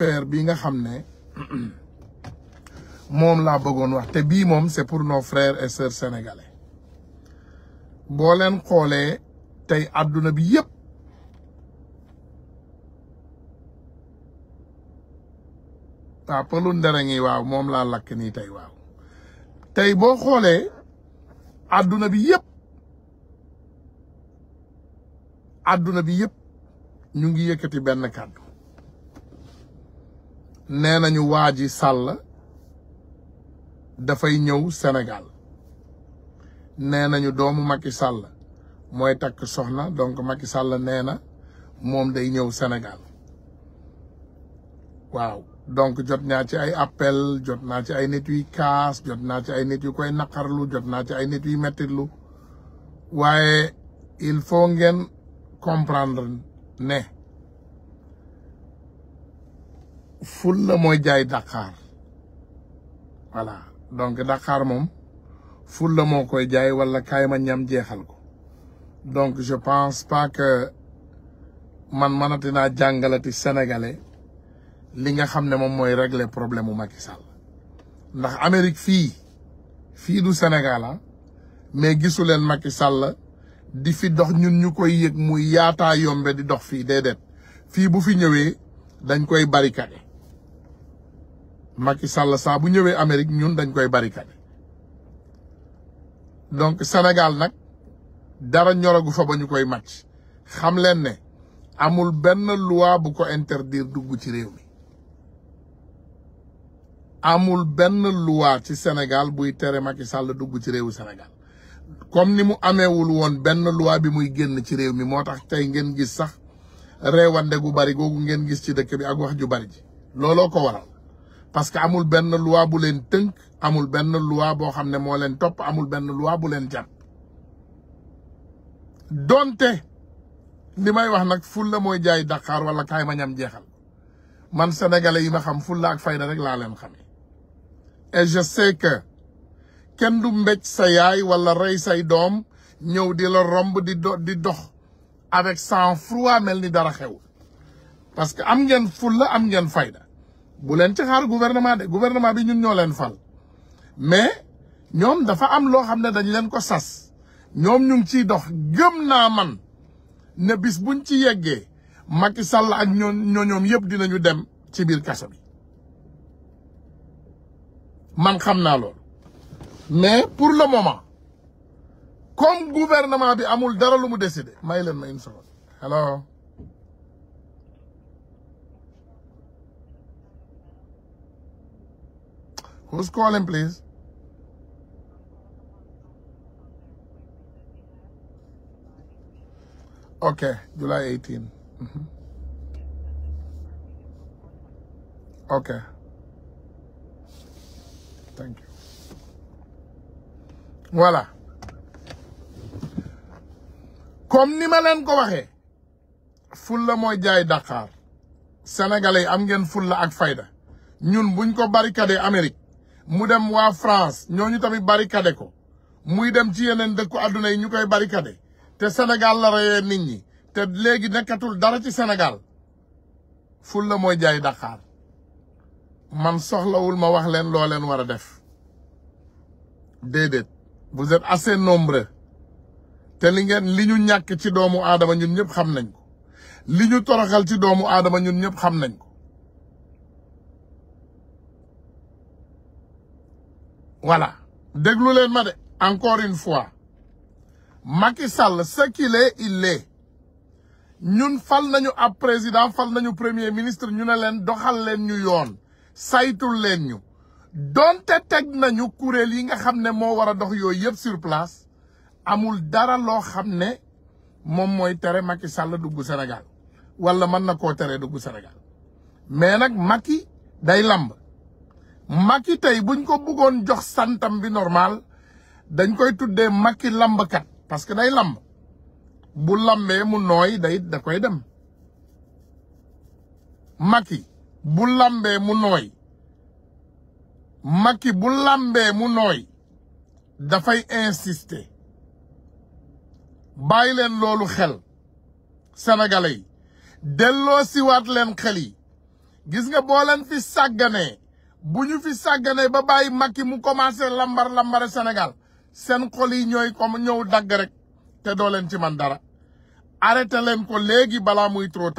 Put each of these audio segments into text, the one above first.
affaire bi nga xam ne moom laa bëggoon wax te bii moom c'est pour nos frères boo leen xoolee tey àdduna bi yépp waaw ah, pëlu ndere waaw moom laa lakk nii tey waaw tey boo xoolee àdduna bi yépp àdduna bi yépp ñu ngi yëkkati benn kàddu nee nañu waa ji sàll dafay ñëw Sénégal nee nañu doomu Macky Sall mooy takk soxna donc Macky Sall nee na moom day ñëw Sénégal waaw donc jot naa ci ay appel jot naa ci ay nit yuy kaas jot naa ci ay nit yu koy naqarlu jot naa ci ay nit yuy mettitlu waaye il faut ngeen comprendre ne ful la mooy Dakar voilà donc Dakar mom, ful la koy jay wala kayma ñam jeexal ko donc je pense pas que man manatina jangalati sénégalais li nga xam mom moy régler problème Macky Sall ndax Amérique fi fi du Sénégal ah, mais gisulen Macky Sall di fi dox ñun ñukoy koy muy yaata yombe di dox fi dedet fi bu fi ñëwee dañ koy barikade. Macky Sall saa bu ñëwee Amérique ñun dañ koy barricade donc Sénégal nag dara ñoragu fa ba ñu koy màcc xam leen ne amul benn luwaa bu ko interdire dugg ci réew mi amul benn luwaa ci Sénégal buy tere Macky Sall dugg ci réewu Sénégal comme ni mu amewul woon benn luwaa bi muy génn ci réew mi moo tax tey ngeen gis sax reewande gu bari googu ngeen gis ci dëkk bi ak wax ju bari ji looloo ko waral parce que amul benn loi bu leen tënk amul benn loi boo xam ne moo leen topp amul benn loi bu leen jàpp donte li may wax nag fulla mooy jaay Dakar wala kaay ma ñam jeexal man sénégalais yi ma xam fulla ak fayda rek laa leen xamee et je sais kenn du mbec sa yaay wala rey say doom ñëw di la romb di do di dox avec sang froid mel ni dara xew parce que am ngeen fulla am ngeen fayda bu leen ci xaar gouvernement de gouvernement bi ñu ñoo leen fal mais ñoom dafa am loo xam ne dañ leen ko sas ñoom ñu ngi ciy dox gëm naa man ne buñ ci yeggee Macky Sall ak ñoo ñoom yëpp dinañu dem ci biir kaso bi man xam naa loolu mais pour le moment comme gouvernement bi amul dara lu mu décidé may leen ma une seconde hello Who's calling, please? Okay, July 18. Mm mm-hmm. ni ma leen ko waxee fulla mooy jaay Dakar sénégalais am ngeen fulla ak fayda ñun buñ ko barricadé Amérique mu dem waa France ñooñu tamit barikade ko muy dem ci yeneen dëkku àdduna yi ñu koy barricadé te Sénégal la reyee nit ñi te léegi nekkatul dara ci senegal ful la mooy jaay daqaar man soxlawul ma wax leen loo leen war a def déedéet vous êtes assez nombreux te li ngeen li ñu ñàkk ci doomu aadama ñun ñëpp xam nañ ko li ñu toroxal ci doomu aadama ñun ñëpp xam nañ ko voilà encore une fois Macky Sall ce qu'il est il est ñun fal nañu président fal premier ministre nous ne avons, doxal leen ñu yoon saytul nous ñu donte teg nañu kuréel yi nga xam ne un sur place amul dara lo Macky Sall Sénégal wala man nako téré du Sénégal mais Macky day Macky tey buñ ko bëggoon jox santam bi normal dañ koy tuddee Macky lambkat parce que day lamb bu lambee mu nooy day koy dem Macky bu lambee mu nooy Macky bu lambee mu nooy dafay insister bàyyi leen loolu xel sénégalais yi delloo siwaat leen xel yi gis nga boo leen fi sàgganee bu ñu fi sàgganee ba bàyyi Macky mu commencé lambar lambare Sénégal seen xol yi ñooy comme ñëw dagg rek te doo leen ci man dara arrêté leen ko léegi balaa muy trop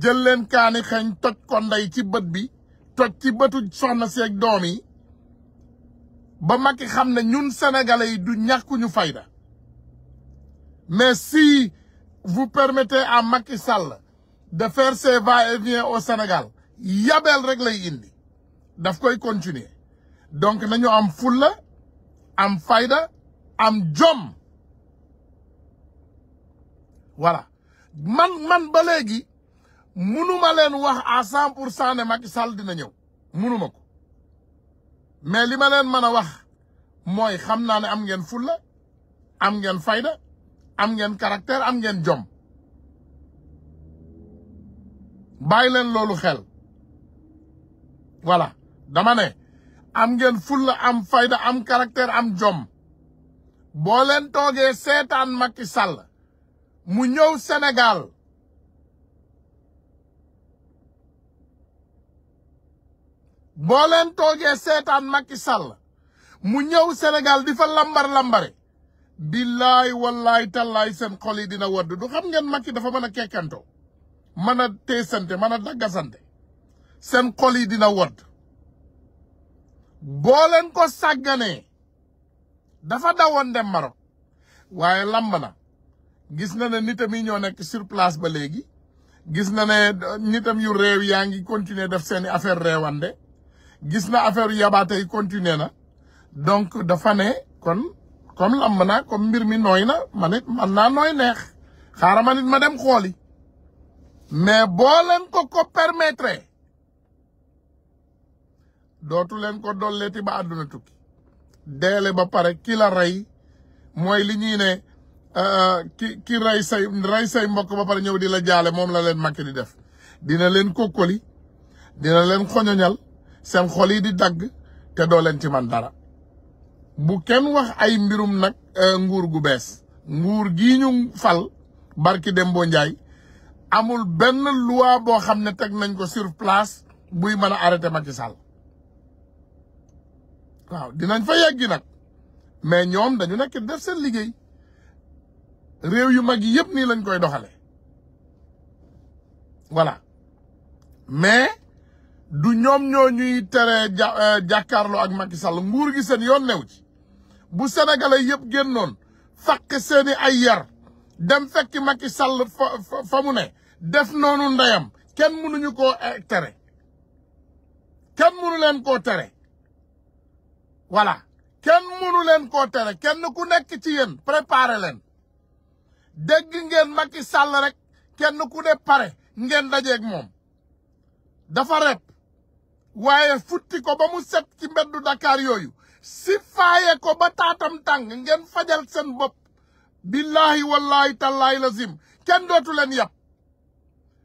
jël leen kaani xeeñ toj ko ndey ci bët bi toj ci bëtu soxna seeg doom yi ba Macky xam ne ñun sénégalais yi du ñàkkuñu fayda mais si vous permettez à Macky Sall de faire ses va au Sénégal yabeel rek lay indi daf koy continue donc nañu am fulla am fayda am jom voilà man man ba léegi munuma leen wax à cent pour cent ne Macky Sall dina ñëw munuma ko mais li ma leen mën a wax mooy xam naa ne am ngeen fulla am ngeen fayda am ngeen caractère am ngeen jom bàyyi leen loolu xel voilà dama ne am ngeen fulla am fayda am caractère am jom bo toge togué makisal, Macky Sall mu ñew Sénégal makisal, len togué Macky Sall mu ñew Sénégal di fa lambar-lambari billahi wallahi tallahi sen xol yi dina wad du xam ngeen Macky dafa mëna kékanto Mana mën seen xol yi dina wodd boo leen ko sàgganee dafa dawoon dem Maroc waaye lamb na gis na ne nitam yi ñoo nekk surplace ba léegi gis na ne nitam yu réew yaa ngi continuer def seeni affaire réewande gis na affaire yu yabaate yi continuer na donc dafa ne kon comme lamb na comme mbir mi nooy na man man naa nooy neex xaaral ma nit ma dem xooli mais boo leen ko ko permettre dootu leen ko dolleeti ba àdduna tukki deele ba pare ki la rey mooy li ñuy ne euh, ki ki rey say rey say mbokk ba pare ñëw di la jaale moom la leen makki di def dina leen kokkoli dina leen xoñoñal seen xol yi di dagg te doo leen ci man dara bu kenn wax ay mbirum nag euh, nguur gu bees nguur gi ñu fal barki Dembo Ndiaye amul benn loi boo xam ne teg nañ ko sur place buy mën a arrêté Macky Sall waaw dinañ fa yegg nak mais ñom dañu nek def seen liggey rew yu mag yi ni lañ koy doxale voilà mais du ñom ñoo ñuy tere euh, jàkkaarloo ak Macky Sall nguur gi seen yoon neew ci bu sénégalais yëpp gennon fàq seeni ay yar dem fekk Macky Sall fa ne def nonu ndayam kenn mënuñu ko eh, tere kenn mënu len ko tere voilà ken mënu len koo tere kenn ku nek ci yéen préparé len dégg ngeen Macky Sall rek ku ne pare ngeen dajeeg mom dafa rep waaye futti ko ba mu set ci mbeddu Dakar yooyu si faaye ko ba taatam tang ngeen fajal sen bop billahi wallahi tallahi lazim ken dootu leen yàpp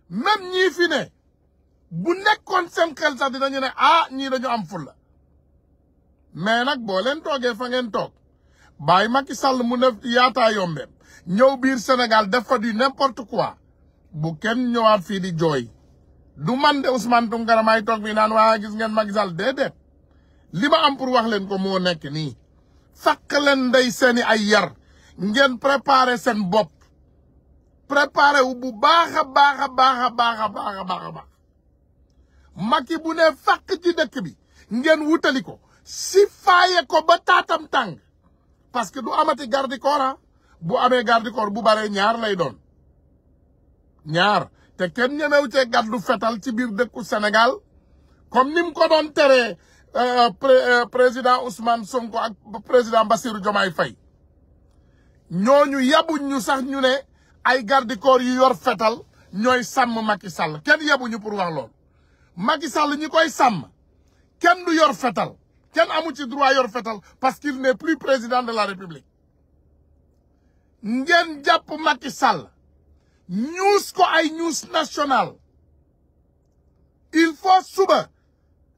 même ñii fi ne bu nekkoon sen xel sax dinañu ah ñii dañu am fulla mais nak bo len toge fa ngeen tok bay Macky Sall mu ne yaataa yombe ñew biir Sénégal def fa du n'importe quoi bu kenn ñëwaat fi di joy du man de Ousmane Tounkara may tok bi naan wa gis ngeen Macky Sall dede li ma am pour wax len ko mo nek ni fàq len ndey seeni ay yar ngeen préparer sen bop préparer wu bu baakha baakha baakha baakha baakha baakha Macky bu ne fak ci dekk bi ngeen wutaliko si faaye ko ba taatam tàng parce que du amati garde ah. bu amee garde bu baree ñaar lay doon ñaar te kenn ñemew cee gàddu fetal ci biir dëkku senegal comme ni mu ko doon teree euh, euh, président Ousmane Sonko ak président Bassirou Diomaye fay ñooñu yabuñ ñu sax ñu ne ay gardikoor yu yor fetal ñooy sàmm Macky Sall kenn yabuñu pour wax loolu Macky Sall ñi koy sàmm kenn du yor fetal kenn amu ci droit yor fetal parce qu'il n'est plus président de la république ngeen jàpp Macky Sall ñuus ko ay ñuus national il faut suba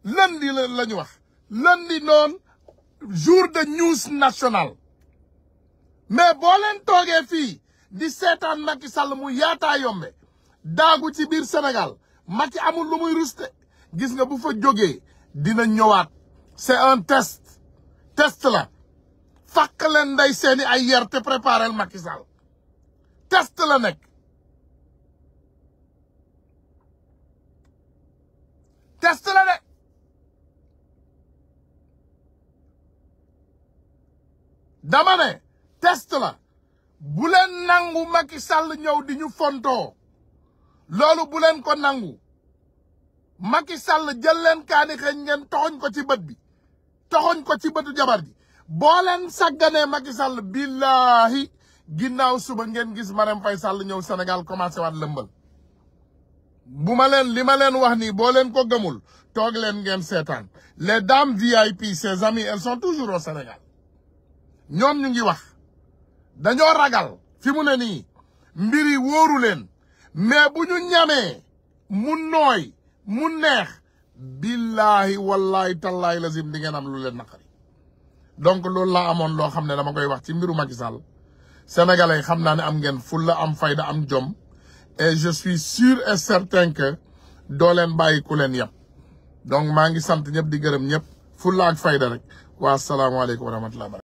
lundi la wax lundi noonu jour de news national mais boo leen toogee fii di seetaan Macky Sall mu yaataa yombe daagu ci biir Sénégal Macky amul lu muy ruste gis nga bu fa jógee dina ñëwaat c'est un test test la fak la nday seni ay yar te le Macky test la nek, test la nek. dama ne test la bu len nangu Macky Sall di ñu fonto lolu bu len ko nangu Macky Sall jël len kaani xëñ ngeen ko ci bëtt bi toxoñ ko ci bëtu jabar ji bo leen sagane Macky Sall billahi ginnaw suba ngeen gis Marème Faye Sall ñew Sénégal commencé waat lembal buma leen li wax ni bo leen ko gëmul tok leen ngeen les dames VIP ses amis elles sont toujours au Sénégal ñom ñu ngi wax dañoo ragal fi mu ne ni mbiri woru leen mais buñu ñame mu noy mu neex billaahi wallaahi tallaahi lazim di ngeen am lu leen naqari donc loolu la amoon loo xam ne dama koy wax ci mbiru Macky Sall sénégalais xam naa ne am ngeen la am fayda am jom et je suis sûr et certain que doo leen bàyyi ku leen yàpp donc maa ngi sant ñëpp di gërëm ñëpp fulla ak fayda rek waa salaamaaleykum wa rahmatulah.